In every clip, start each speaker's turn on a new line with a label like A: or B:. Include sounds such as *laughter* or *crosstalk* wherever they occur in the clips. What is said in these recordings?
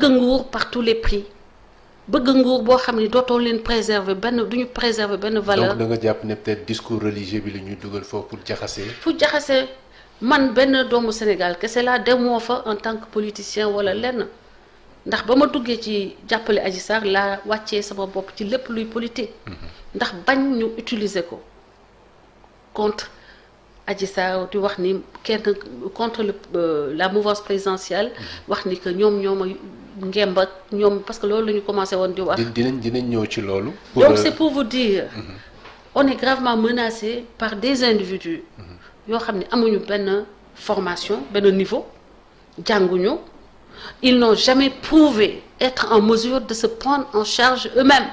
A: bëgg nguur par tous les prix bëgg nguur boo xam ne dootoo leen préserver benn duñu préserver benn valeur. donc
B: da jàpp ne peut-être discours religieux bi la ñuy dugal foofu pour jaxase.
A: pour jaxase man benn doomu Sénégal kese laa demoo fa en tant que politicien wala lenn ndax ba ma duggee ci jàppale Adji Sarr laa wàccee sama bopp ci lépp luy politique. Mhm. ndax bañ ñu utiliser ko contre Adji Sarr wax ni kenn contre euh, la mouvance présidentielle mhm. wax ni que ñoom ñoom ngemb ak ñoom parce que loolu la ñu commencé woon di wax.
B: dinañ dinañ ñëw ci loolu. donc c'est pour
A: vous dire. Mhm. on est gravement menacé par des individus. Mhm. yoo xam ne amuñu benn formation benn niveau jànguñu il n'ont jamais prouvé être en mesure de se prendre en charge eux-mêmes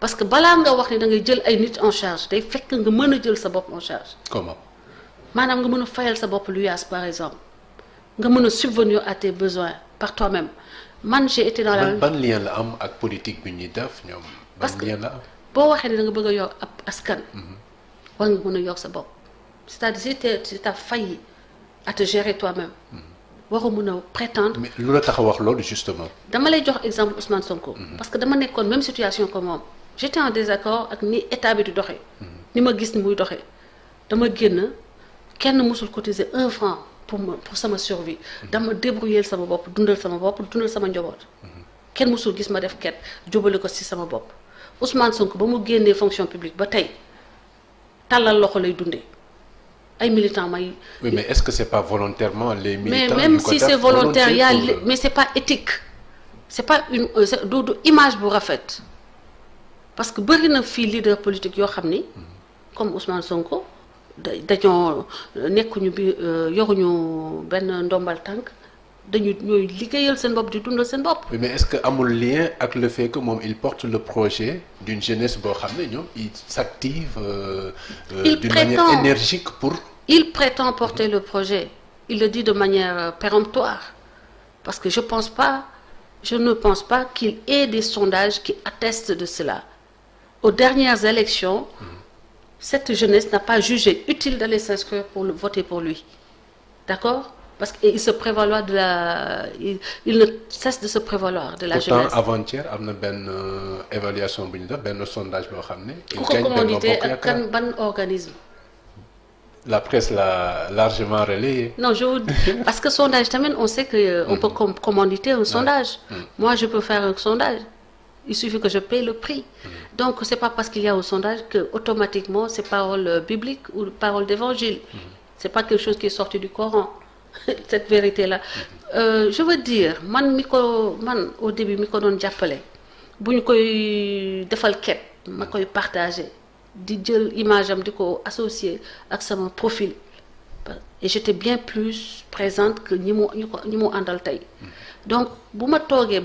A: parce que balaa nga wax ni da ngay jël ay nit en charge tey fekk nga mën a jël sa bopp en charge. comment maanaam nga mën a fayal sa bopp lu yaas par exemple nga mën a subvenir à par toi-même. man j'ai été dans la ban lien
B: la am ak politique bi ñuy def ñoom. ban lien la am
A: boo waxee ne danga nga bëgg a yokk ab askan. Mhm. war nga mën a yokk sa bopp. c'est-à-dire si t'as si t'as failli à te même mhm. waroo mën a prétendre.
B: mais lu la tax a wax loolu justement.
A: dama lay jox exemple Ousmane Sonko. Mhm. parce que dama nekkoon même situation ko moom. j'étais en désaccord ak ni état bi di doxee. ni ma gis ni muy doxe dama génn kenn mësul cotiser un franc. pour ma pour sama survie dama débrouiller sama bopp dundal sama bopp dundal sama njaboot kenn mësul gis ma def ket jubale ko si sama bopp Ousmane Sonko ba mu génnee fonction publique ba tey tàllal loxo lay dundee ay militants may.
B: mais est-ce que c'est pas volontairement les militants mais même si c'est a
A: mais c'est pas éthique c'est pas une euh, du du image bu rafet parce que bëri na fii leader politique yoo xam ni comme Ousmane Sonko. dañoo nekkuñu bi euh, yoruñu benn tank tànk dañu ñooy liggéeyal seen bopp di dundal seen bopp.
B: mais est-ce que amul lien ak le fait que il porte le projet d'une jeunesse boo xam ne ñoom il s'active euh, euh, d'une manière énergique pour.
A: il prétend porter le projet il le dit de manière euh, péremptoire parce que je pense pas je ne pense pas qu'il ait des sondages qui attestent de cela aux dernières élections. Mm-hmm. cette jeunesse n'a pas jugé utile d'aller s'inscrire pour le, voter pour lui. D'accord Parce qu'il se prévaloir de la... Il, il, ne cesse de se prévaloir de la Pourtant, jeunesse.
B: avant-hier, il y a une euh, évaluation, un sondage. Quel organisme la presse l'a largement relayé.
A: Non, je vous dis, parce que sondage, on sait qu'on euh, mm -hmm. peut commanditer un sondage. Mm -hmm. Moi, je peux faire un sondage. il suffit que je paye le prix. Mmh. Donc c'est pas parce qu'il y a au sondage que automatiquement c'est parole biblique euh, ou parole d'évangile. Mmh. C'est pas quelque chose qui est sorti du Coran. *laughs* Cette vérité-là. Mmh. Euh, je veux dire man mi ko man au début mi ko doon jàppale bu ñu koy defal ket ma koy partager di jël image am di ko associer ak sama profil. et j'étais bien plus présente que ñi mu ñu ko ñi mu àndal tey donc bu ma toogee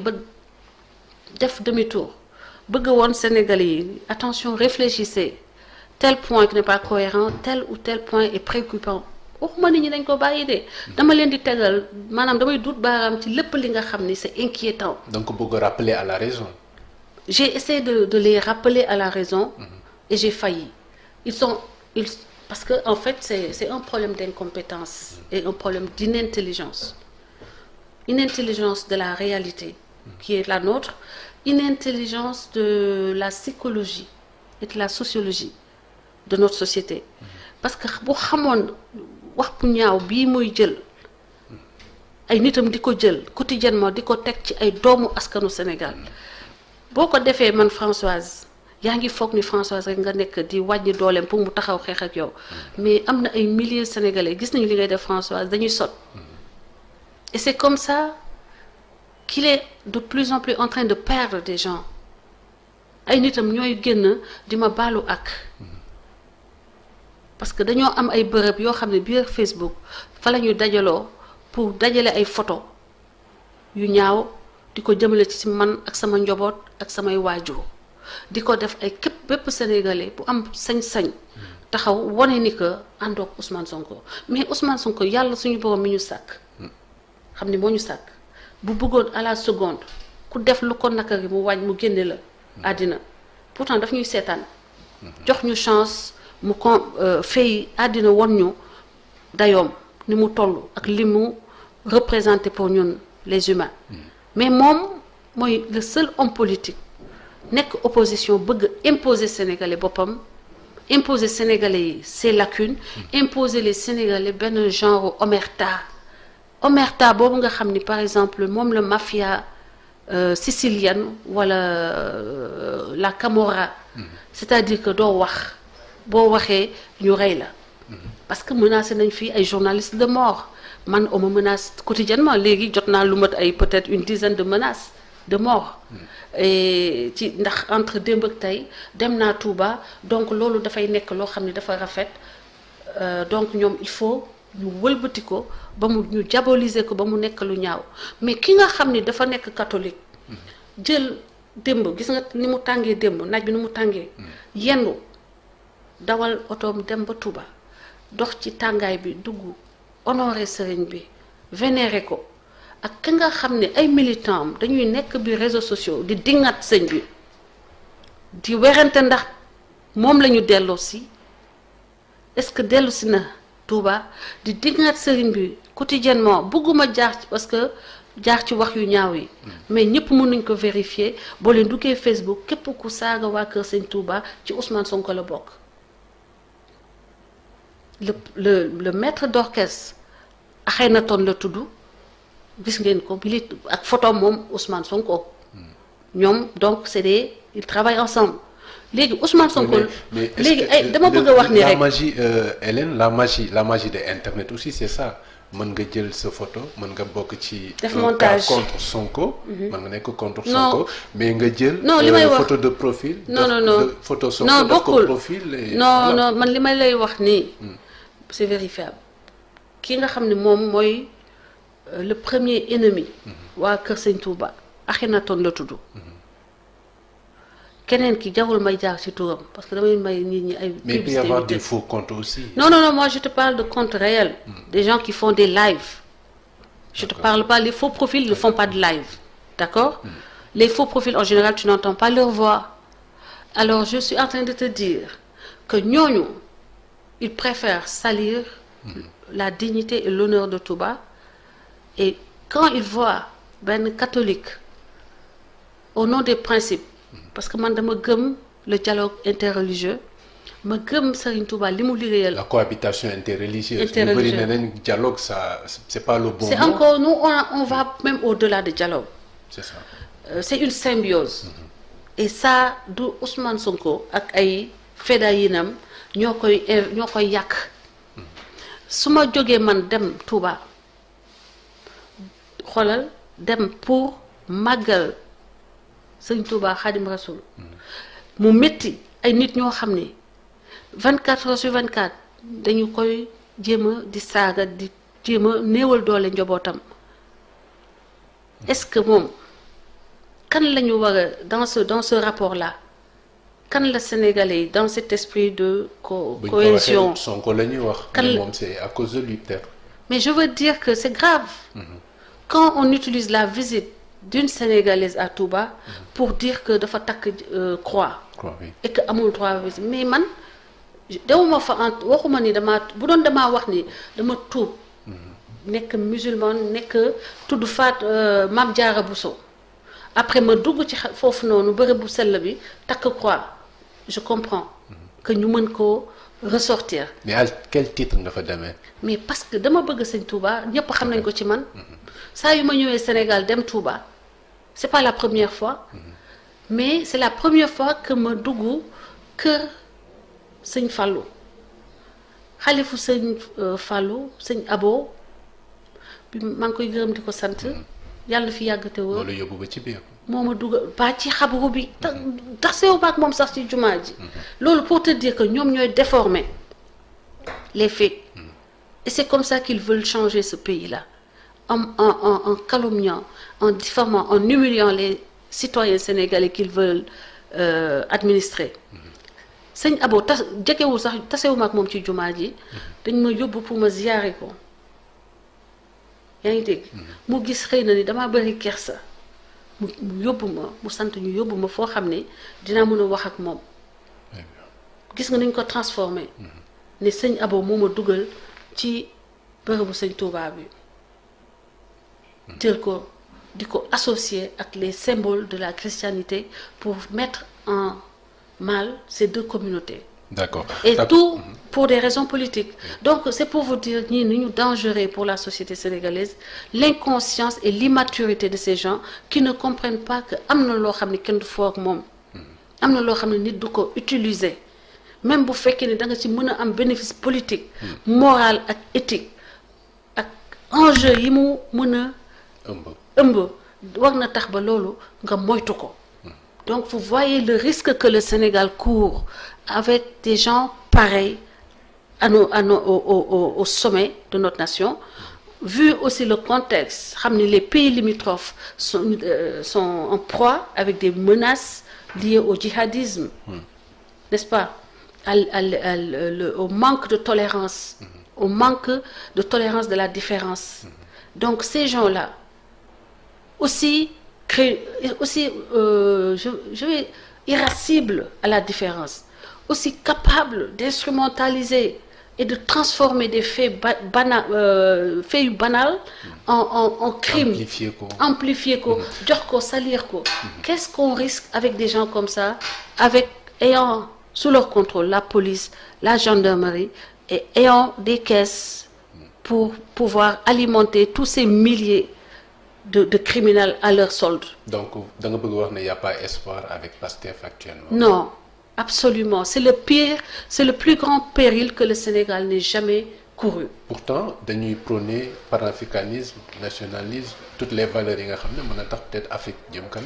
A: def demi-tour bëgg woon Sénégalais yi attention réfléchissez tel point qui n'est pas cohérent tel ou tel point est préoccupant waxuma nit ñi dañ ko bàyyi de dama leen di tegal maanaam damay duut baaraam ci lépp li nga xam ni c'est inquiétant.
B: donc bëgg rappeler à la raison.
A: j'ai essayé de de les rappeler à la raison. Mm-hmm. et j'ai failli ils sont ils parce que en fait c'est c'est un problème d'incompétence mm-hmm. et un problème d'inintelligence une intelligence de la réalité qui est la nôtre. une intelligence de la psychologie et la sociologie de notre société parce que bu xamoon wax bu ñaaw bii muy jël ay nitam di ko jël quotidiennement di ko teg ci ay doomu askanu Sénégal boo ko defee man Françoise yaa ngi foog ni Françoise rek nga nekk di wàññi doolem pour mu taxaw xeex ak yow mais am na ay milliers sénégalais gis nañu li ngay def Françoise dañuy sot et c'est comme ça qu'il de plus en plus en train de perdre des gens ay nitam ñooy génn di ma baalu ak parce que dañoo am ay bërëb yoo xam ne biir Facebook fa la ñuy dajaloo pour dajale ay photo yu ñaaw di ko jëmale ci si man ak sama njaboot ak samay waajur di ko def ay képp bépp sénégalais bu am sañ-sañ taxaw wane ni que àndoog Ousmane Sonko mais Ousmane Sonko yàlla suñu borom mi ñu sàkk xam ne moo ñu sàkk. bu bëggoon à la seconde ku def lu ko naka mu wàññ mu génne la àddina pourtant daf ñuy seetaan jox ñu chance mu kon euh, fay àddina won ñu dayoom ni mu toll ak li mu représenté pour ñun les humains mais moom mooy le seul homme politique nekk opposition bëgg imposer sénégalais boppam imposer sénégalais yi ses lacunes imposer les sénégalais benn genre omerta omerta boobu nga xam ni par exemple moom la mafia euh, sicilienne wala euh, la Camorra mm c'est-à-dire que doo wax boo waxee ñu rey la mhm. parce que menacé nañ fii ay journalistes de mort man on me menace quotidiennement léegi jot naa lu mat ay peut-être une dizaine de menaces de mort mhm. ci ndax entre démb ak tey dem naa Touba donc loolu dafay nekk loo xam ne dafa rafet euh, donc ñoom il faut ñu wëlbati ko ba mu ñu diaboliser ko ba mu nekk lu ñaaw mais ki nga xam ni dafa nekk katolik jël démb gis nga ni mu tàngee démb naaj bi ni mu tàngee yendu dawal otoom dem ba Touba dox ci tàngaay bi dugg honoré sëriñ bi vénéré ko ak ki nga xam ne ay militant am dañuy nekk bi réseaux sociaux di dingat sëñ bi di werante ndax moom lañu delloosi delloo si est-ce que dellu na Touba di diggaat sëriñ bi quotidiennement bëgguma jaar parce que jaar ci wax yu ñaaw yi mais ñëpp mën nañ ko vérifier boo leen duggee Facebook képp ku saaga waa Kër Sëñ Touba ci Ousmane Sonko la bokk le le le maître na Akhenaton la tudd gis ngeen ko bilit ak photo moom Ousmane Sonko hmm. ñoom donc c'est des ils travaillent ensemble léegi Ousmane Sonko. léegi ay eh, dama bëgg a wax ni rek la
B: magie euh, Hélène la magie la magie de internet aussi c'est ça mën nga jël sa photo mën nga bokk ci. def montage contre Sonko. Mhm. mën nga nekk contre Sonko. mais nga jël. no li euh, may wax photo de profil. non non non photo Sonko non bokkul profil. non non man
A: li may lay wax nii. Hmm. c'est vérifiable ki nga xam ne moom mooy euh, le premier ennemi. Hmm. waa Kër Sëñ Touba Akhenaton la tudd. Hmm. keneen ki jawul may jaar ci turam parce que damay may nit ñi ay. publicité mais il peut y avoir
B: des faux comptes aussi.
A: non non non moi je te parle de comptes réels. des gens qui font des lives. je te parle pas les faux profils ne font pas de live d'accord. Hmm. les faux profils en général tu n'entends pas leur voix. je suis en train de te dire que ñooñu ils préfèrent salir. Hmm. la dignité et l'honneur de Touba et quand ils voient benn catholique au nom des principes. parce que man dama gëm le dialogue interreligieux ma gëm Serigne Touba li mu liggéeyal. la
B: cohabitation interreligieuse. interreligieuse ñu bëri nañ dialogue ça c'est pas le bon mot.
A: a, on va même au-delà euh, du Ousmane Sonko ak ay fedayinam ñoo koy ñoo koy yàq. su ma jógee man dem Touba xoolal dem pour màggal. sëñ Touba Xadim Rasul mu métti ay nit ñoo xam ne 24 heures vingt 24 dañu koy jéem a di saaga di jéem néewal doole njabootam est-ce que moom kan la ñu a dans ce dans ce rapport là kan la Sénégalais yi dans cet esprit de co cohésion
B: Sonko la ñuy wax. kan la moom c'est
A: mais je veux dire que c'est grave. Mm-hmm. quand on utilise la visite. d'une sénégalaise à Touba pour dire que dafa takk euh, croix. croix amul et que mais man dewuma fa en waxuma ni damaa bu doon damaa wax ni dama tuub. Mhm. nekk musulman nekk tudd faat euh, Mame Diarra Bousso après ma dugg ci foofu noonu bërëb bu sell bi takk croix je comprends mhm. que ñu mën koo ressortir.
B: mais à quel fa demee.
A: mais parce que dama bëgg sëñ Touba ñëpp xam nañ ko ci man mhm. saa yu ma ñëwee Sénégal dem Touba. c'est pas la première fois mais c'est la première fois que ma dugg kër sëñ falu xalifu sëñ euh, Fallou sëñ Abo bi maa ngi koy gërëm di ko sant mhm. yàlla na fi yàgg te wër yóbbu ba ci biir moo ma dugal ba ci xabaru bi mhm. tasewu maak moom sax ci jumaa ji mhm. loolu pour te dire que ñoom ñooy déformer les faits et c'est comme ça qu'ils veulent changer ce pays là en, en, en, en calomniant, en diffamant, en humiliant les citoyens sénégalais qu'ils veulent euh, administrer. Mm-hmm. sëñ Abo tas jegewul sax tasewuma ak moom ci jumaa ji mm-hmm. dañ ma yóbbu pour ma ziyaare ko yaa ngi dégg mm-hmm. mu gis xëy na ni damaa bëri kersa mu yóbbu ma mu sant ñu yóbbu ma foo xam ne dina mën a wax ak moom gis nga nañ ko transformé ne sëñ Abo moo ma dugal ci bërëbu sëñ Tuubaa bi jël ko di ko associer ak les symboles de la christianité pour mettre en mal ces deux communautés.
B: D'accord. Et
A: tout mhm. pour des raisons politiques. Donc c'est pour vous dire ñii ni ñu dangereux pour la société sénégalaise l'inconscience et l'immaturité de ces gens qui ne comprennent pas que am na loo xam ne kenn du foog moom. Mhm. am na loo xam ne nit du ko utiliser même bu fekkee ne da nga ci mën a am bénéfice politique. Mhm. moral ak éthique ak enjeu yi mu ëmb ëmb war na tax ba loolu nga moytu ko donc vous voyez le risque que le Sénégal court avec des gens pareils à nos, à nos, au, au, au sommet de notre nation vu aussi le contexte xam ne les pays limitrophes sont, euh, sont en proie avec des menaces liées au djihadisme mm. n'est-ce pas à, à, à, le, au manque de tolérance mm. au manque de tolérance de la différence mm. donc ces gens-là aussi crée, aussi euh, je, je vais irascible à la différence, aussi capable d'instrumentaliser et de transformer des faits, ba bana, euh, faits banals en, en, en crimes. Amplifier quoi. Amplifier quoi. Mmh. salir quoi. Mmh. Qu'est-ce qu'on risque avec des gens comme ça, avec, ayant sous leur contrôle la police, la gendarmerie, et ayant des caisses mm. pour pouvoir alimenter tous ces milliers de de criminels à leur solde.
B: donc da nga bëgg wax ne y a pas espoir avec Pastef actuellement.
A: non absolument c'est le pire c'est le plus grand péril que le Sénégal n'ait jamais
B: couru. pourtant dañuy prôner panafricanisme nationalisme toutes les valeurs yi nga xam ne mën na tax peut-être Afrique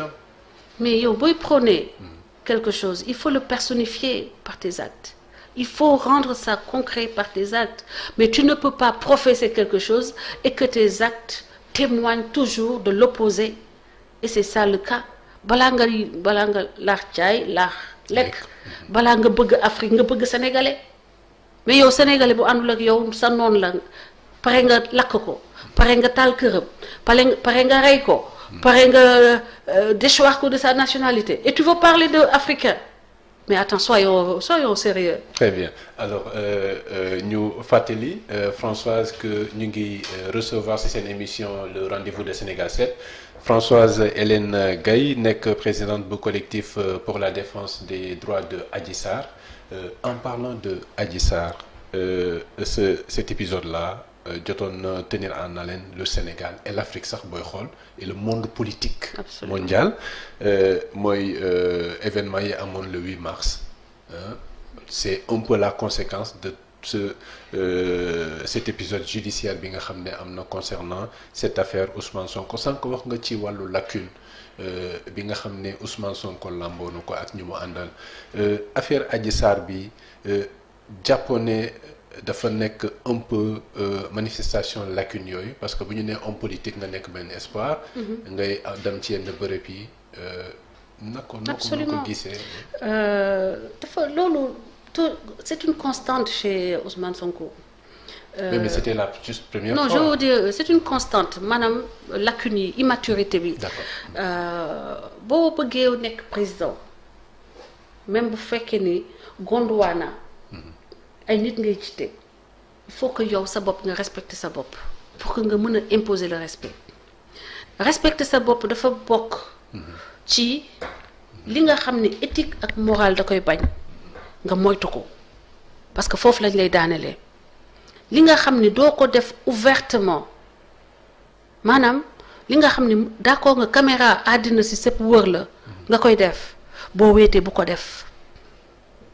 A: mais yow booy prôner. quelque chose il faut le personnifier par tes actes il faut rendre ça concret par tes actes mais tu ne peux pas professer quelque chose et que tes actes. témoigne toujours de l'opposé et c'est ça le cas balaa nga balaa nga laax caay laax lekk balaa nga bëgg Afrique nga bëgg sénégalais mais yow sénégalais bu àndul ak yow sa noon la pare nga lakk ko pare nga taal këram pare pare nga rey ko mm. pare nga euh, déchoir ko de sa nationalité et tu veux parler de africain mais attends soyons soyons sérieux
B: très bien alors euh, euh, ñu fàttali euh, Françoise que ñu ngi recevoir ci seen émission le rendez-vous de Sénégal 7 Françoise Hélène Gaye nekk présidente bu collectif pour la défense des droits de Adji Sarr en parlant de Adji Sarr ce cet épisode là jotoon na tenir en haleine le Sénégal et l'Afrique sax booy xool et le monde politique Absolument. mondial euh, mooy euh, événement yi amoon le mars euh, c'est un peu la conséquence de ce euh, cet épisode judiciaire bi nga xam ne am na concernant cette affaire Ousmane Sonko sànq wax nga ci wàllu lacune bi nga xam ne Ousmane Sonko làmboo na ko ak ñu mu àndal affaire Adji Sarr bi jàppoon dafa nekk un peu euh, manifestation lacune yooyu parce que bu ñu nee homme politique nga nekk benn espoir. Mm-hmm. ngay euh, dem ci yenn bërëb yi euh, na ko na ko ko gisee.
A: dafa loolu c'est une constante chez Ousmane Sonko. Euh, une constante maanaam lacune yi immaturité bi. D'accord. boo bëggee nekk président même bu fekkee ni gondwaana. ay nit ngay jiite il faut yow sa bopp nga respecter sa bopp pour que nga mën a imposer le respect respecter sa bopp dafa bokk ci li nga xam ni éthique ak morale da koy bañ nga moytu ko parce que foofu lañ lay daaneele li nga xam ni doo ko def ouvertement maanaam li nga xam ne d'accord nga caméra àddina si sëpp wër la nga koy def boo wéetee bu ko def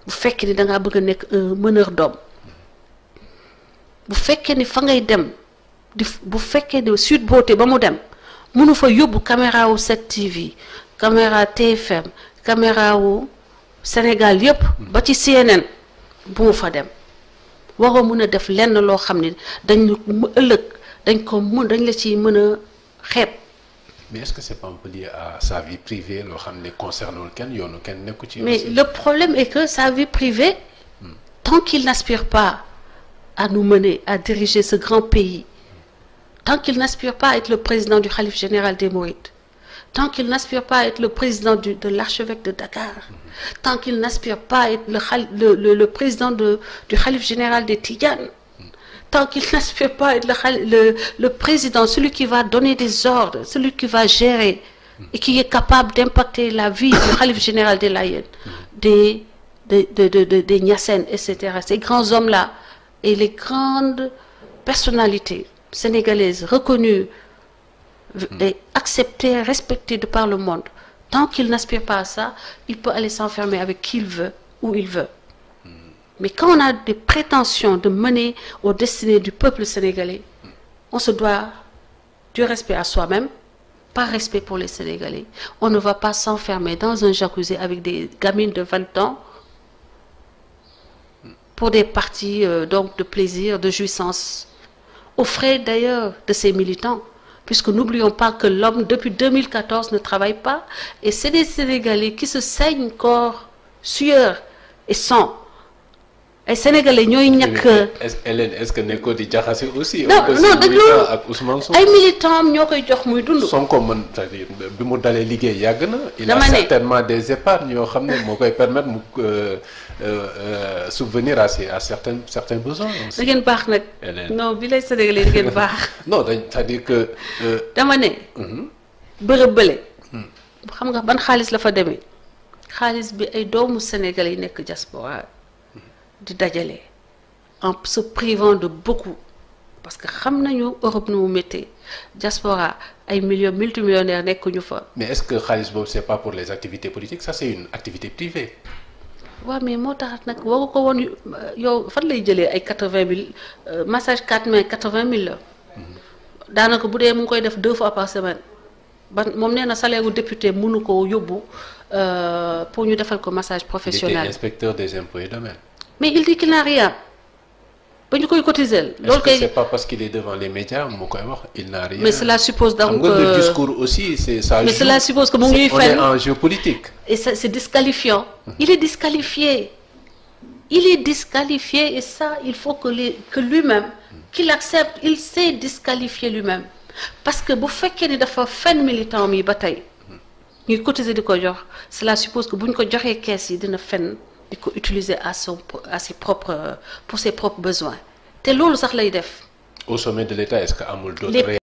A: bu fekkee ni da ngaa bëgg a nekk un meneur bu fekkee ni fa ngay dem di bu fekkee ni Sweet Beauté ba mu dem mënu fa yóbbu caméra wu 7TV caméra TFM caméra wu yépp ba ci CNN bu mu fa dem waroo mën a def lenn loo xam ne dañ ëllëg dañ ko mën dañ la ci mën a xeeb
B: mais est-ce que c'est pas un peu lié à sa vie privée loo xam ne concernewul kenn yoonu kenn nekku ci. mais le
A: problème est que sa vie privée. Hmm. tant qu'il n'aspire pas à nous mener à diriger ce grand pays tant qu'il n'aspire pas à être le président du khalife général des Mourides tant qu'il n'aspire pas à être le président du de l'archevêque de Dakar hmm. tant qu'il n'aspire pas à être le le le, le président de du khalife général des Tidianes tant qu'il n'aspire pas à être le, le, le, président, celui qui va donner des ordres, celui qui va gérer et qui est capable d'impacter la vie du Khalif général des Laïens, des, des, de, de, de, des Nyassen, etc. Ces grands hommes-là et les grandes personnalités sénégalaises reconnues hmm. et acceptées, respectées de par le monde, tant qu'il n'aspire pas à ça, il peut aller s'enfermer avec qui il veut, où il veut. Mais quand on a des prétentions de mener aux destinées du peuple sénégalais, on se doit du respect à soi-même, par respect pour les Sénégalais. On ne va pas s'enfermer dans un jacuzzi avec des gamines de 20 ans pour des parties euh, donc de plaisir, de jouissance, aux frais d'ailleurs de ces militants, puisque n'oublions pas que l'homme depuis 2014 ne travaille pas, et c'est des Sénégalais qui se saignent corps, sueur et sang ay sénégalais ñooy ñàkk.
B: est-ce que nekkoon di jaxase aussi. non non dëgg loolu ak Ousmane Sonko ay
A: militants ñoo koy jox muy dund.
B: Sonko mën cest à bi mu dalee liggéey yàgg na. il a des épargnes yoo xam ne moo koy permettre mu euh, euh, euh, subvenir à ses à certains certains besoins.
A: baax nag. non bi lay sénégalais da ngeen *laughs* baax.
B: non dañ c'est-à-dire que. dama ne. Mhm.
A: bërëb bële. Hmm. xam nga ban xaalis la fa demee. xaalis bi ay doomu sénégalais yi nekk diaspora di dajale en se privant de beaucoup parce que xam nañu Europe nu mu méttee diaspora ay millions multimillionnaires nekk ñu fa.
B: mais est-ce que xaalis boobu c'est pas pour les activités politiques ça c'est une activité privée.
A: waaw mais moo tax nag waru ko woon yow fan lay jëlee ay quatre-vingt mille euh, massage quatre mains quatre-vingt mille la. Mm-hmm. daanaka bu dee mu ngi koy def deux fois par semaine ba moom nee na salaire gu député munu ko yóbbu euh, pour ñu defal ko massage professionnel.
B: inspecteur des impôts et domaines.
A: mais il dit qu'il n'a rien ba ñu koy cotiser loolu kay
B: est-ce que c'est pas parce qu'il est devant les médias moo koy wax il n'a rien mais cela suppose donc xam nga le discours aussi c'est ça mais cela suppose que mu ngi fenn on est en géopolitique
A: et c'est disqualifiant il est disqualifié il est disqualifié et ça il faut que lui-même qu'il accepte il s'est disqualifié lui-même parce que bu fekkee ni dafa fen militant yi ba tey ñuy cotiser di ko jox cela suppose que bu ñu ko joxee kees yi dina fenn di ko utiliser à son à ses propres pour ses propres besoins te loolu sax lay def.
B: au sommet de l'État est-ce que amul d'autres